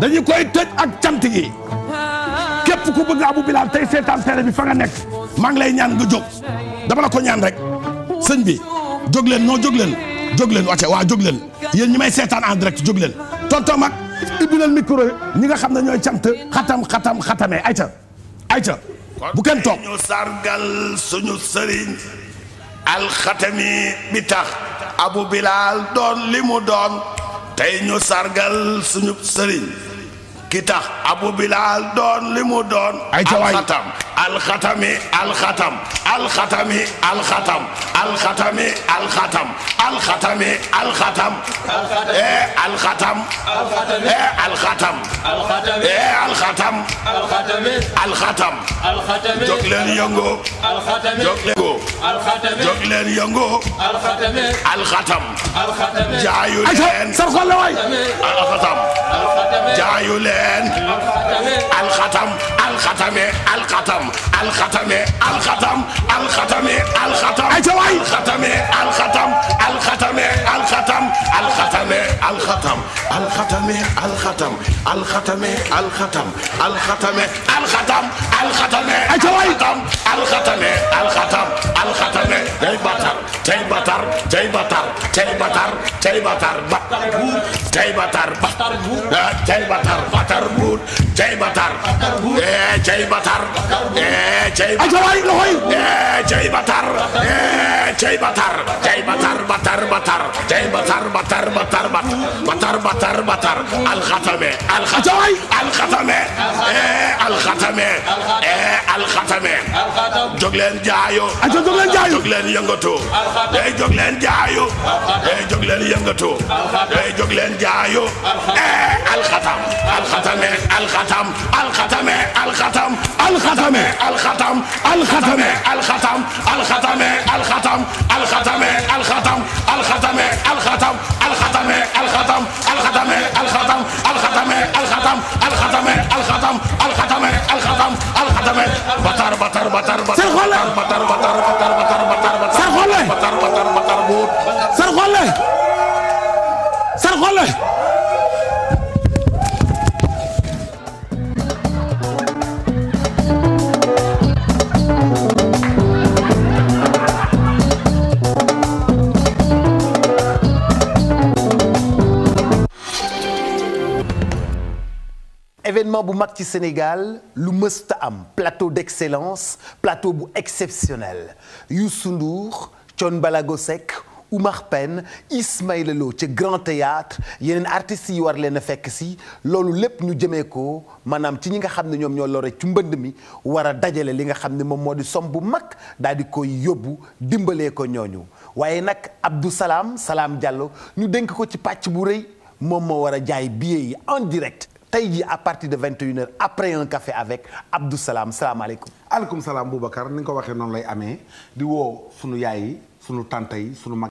dañu koy tëj ak cant gi képp ku bëgg Abou Bilal tey seetaan télé bi fa nga nekk maa ngi lay ñaan nga jóg dama la ko ñaan rek sëñ bi jóg leen non jóg leen jóg leen wacce waa jóg leen yéen ñi may seetaan en direct jóg leen tonton mag ibbi leen micro ñi nga xam ne ñooy cant xatam xatam xatamee ayca ayca bu kenn toog ñu sargal suñu sëriñ alxatami bi tax Abou Bilal doon li mu doon tey ñu sargal suñu sëriñ ki tax abu bilal doon li mu doon alxatam alxatami alxatam alxatami alxatam alxatami alxatam alxatami alxatam e alxatam e alxatam e alxatam alxatam jóg leen yëngu jaayu leen alxatam alxatame alxatam alxatame alxatam alxatame alxatam ay waay alxatame alxatam alxatame alxatam alxatame alxatam alxatame alxatam alxatame alxatam alxatame alxatam alxatame ay waay alxatame alxatam alxatame tey batar tey batar tey batar tey batar cay batar batar buur cay batar batar buur cay batar batar buur cay batar batar buur eh cay batar eh cay batar eh cay batar eh cay batar cay batar batar batar cay batar batar batar batar batar batar alxatame alxatame alxatame eh alxatame eh alxatame jóg leen jaayo jóg leen jaayo jóg leen yëngatoo jóg leen jaayo jóg leen yëngatu day jóg leen jaayu eh alxatam alxatame alxatam alxatame alxatam alxatame alxatam alxatame alxatam alxatame alxatam alxatame alxatam alxatame alxatam Sarxole événement bu mag ci Sénégal lu mësta am plateau d'excellence plateau bu exceptionnel Youssou Ndour Thione Balago Seck Oumar Pène Ismaïla Lo ca Grand Théâtre yeneen artistes yi war leen a fekk si loolu lépp ñu jëmee ko maanaam ci ñi nga xam ne ñoom ñoo lore ci mbënd mi war dajale li nga xam ne moom moo di som bu mag daal di koy yóbbu dimbalee ko ñooñu waaye nag Abdou salaam Salam Diallo ñu dénk ko ci pàcc bu rëy moom moo war a jaay billets yi en direct tey jii à partir de 21h après un café avec Abdou Salam salaamaaleykum. aleykum salaam Boubacar ni nga ko waxee noonu lay amee di sunu yaay yi sunu tante